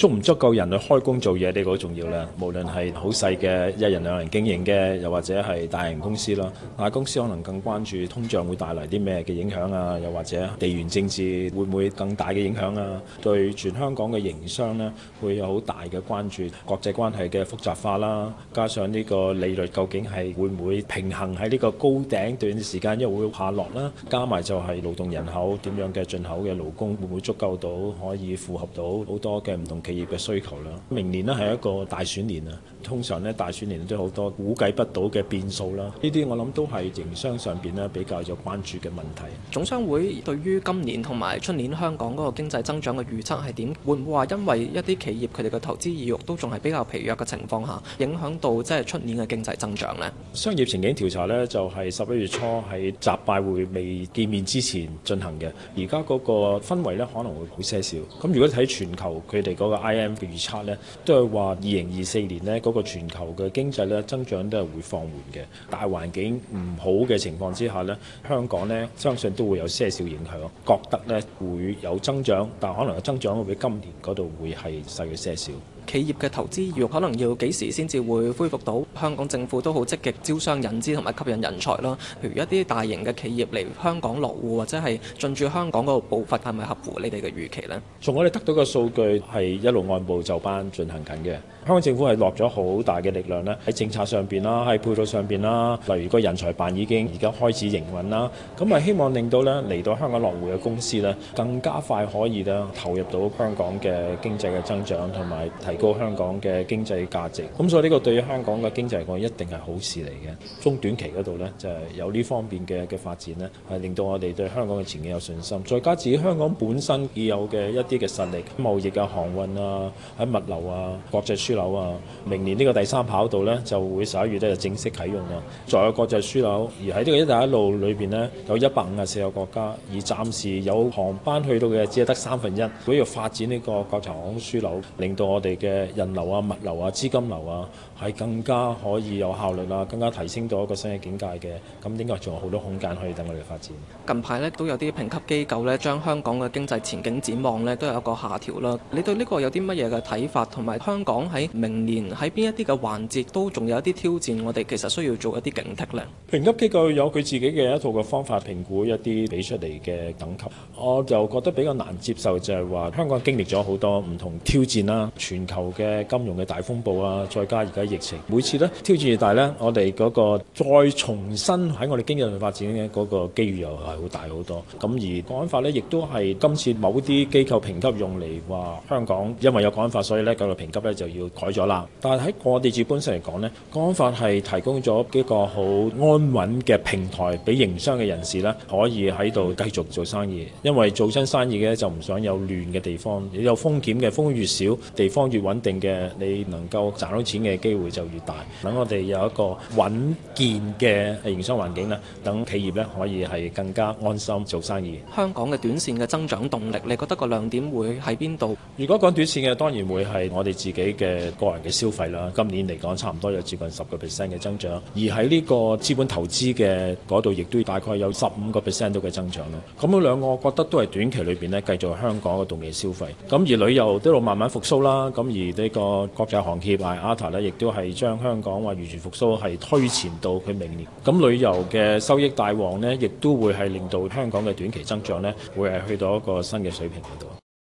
足唔足夠人去開工做嘢，呢個好重要啦。無論係好細嘅一人兩人經營嘅，又或者係大型公司啦。大公司可能更關注通脹會帶來啲咩嘅影響啊，又或者地緣政治會唔會更大嘅影響啊？對全香港嘅營商呢，會有好大嘅關注。國際關係嘅複雜化啦，加上呢個利率究竟係會唔會平衡喺呢個高頂段時間，因為會下落啦？加埋就係勞動人口點樣嘅進口嘅勞工會唔會足夠到可以符合到好多嘅唔同？企業嘅需求啦，明年呢係一個大選年啊，通常咧大選年都好多估計不到嘅變數啦，呢啲我諗都係營商上邊咧比較有關注嘅問題。總商會對於今年同埋出年香港嗰個經濟增長嘅預測係點？會唔會話，因為一啲企業佢哋嘅投資意欲都仲係比較疲弱嘅情況下，影響到即係出年嘅經濟增長咧？商業前景調查咧就係十一月初喺習拜會未見面之前進行嘅，而家嗰個氛圍咧可能會好些少。咁如果睇全球佢哋嗰 I M 預測咧，都係話二零二四年咧，嗰個全球嘅經濟咧增長都係會放緩嘅。大環境唔好嘅情況之下咧，香港咧相信都會有些少影響。覺得咧會有增長，但可能個增長會比今年嗰度會係細咗些少。企業嘅投資欲可能要幾時先至會恢復到？香港政府都好積極招商引資同埋吸引人才啦，譬如一啲大型嘅企業嚟香港落戶或者係進駐香港嗰個步伐係咪合乎你哋嘅預期呢？從我哋得到嘅數據係一路按部就班進行緊嘅。香港政府係落咗好大嘅力量咧，喺政策上邊啦，喺配套上邊啦，例如個人才辦已經而家開始營運啦，咁啊希望令到咧嚟到香港落戶嘅公司咧，更加快可以咧投入到香港嘅經濟嘅增長同埋提高香港嘅經濟價值。咁所以呢個對於香港嘅經濟嚟講一定係好事嚟嘅。中短期嗰度咧，就係、是、有呢方面嘅嘅發展咧，係令到我哋對香港嘅前景有信心。再加自香港本身已有嘅一啲嘅實力，貿易嘅航運啊，喺物流啊，國際，樞紐啊！明年呢個第三跑道呢，就會十一月咧就正式啟用啊！有國際樞紐而喺呢個一帶一路裏邊呢，有一百五十四個國家，而暫時有航班去到嘅只係得三分一。如要發展呢個國際航空樞紐，令到我哋嘅人流啊、物流啊、資金流啊，係更加可以有效率啦，更加提升到一個新嘅境界嘅。咁應該仲有好多空間可以等我哋發展。近排呢，都有啲評級機構呢，將香港嘅經濟前景展望呢，都有一個下調啦。你對呢個有啲乜嘢嘅睇法？同埋香港喺明年喺邊一啲嘅環節都仲有一啲挑戰，我哋其實需要做一啲警惕咧。評級機構有佢自己嘅一套嘅方法評估一啲俾出嚟嘅等級，我就覺得比較難接受就係話，香港經歷咗好多唔同挑戰啦，全球嘅金融嘅大風暴啊，再加而家疫情，每次咧挑戰越大咧，我哋嗰個再重新喺我哋經濟上發展嘅嗰個機遇又係會大好多。咁而國安法咧亦都係今次某啲機構評級用嚟話香港，因為有國安法，所以咧佢嘅評級咧就要。改咗啦，但喺我哋基本上嚟講咧，方法係提供咗幾個好安穩嘅平台俾營商嘅人士咧，可以喺度繼續做生意。因為做親生意嘅就唔想有亂嘅地方，有風險嘅風險越少，地方越穩定嘅，你能夠賺到錢嘅機會就越大。等我哋有一個穩健嘅營商環境咧，等企業咧可以係更加安心做生意。香港嘅短線嘅增長動力，你覺得個亮點會喺邊度？如果講短線嘅，當然會係我哋自己嘅。個人嘅消費啦，今年嚟講差唔多有接近十個 percent 嘅增長，而喺呢個資本投資嘅嗰度，亦都大概有十五個 percent 到嘅增長咯。咁兩個我覺得都係短期裏邊咧，繼續香港嘅動業消費。咁而旅遊都度慢慢復甦啦。咁而呢個國際航協 Airtra 亦都係將香港話完全復甦係推前到佢明年。咁旅遊嘅收益大王呢，亦都會係令到香港嘅短期增長呢，會係去到一個新嘅水平度。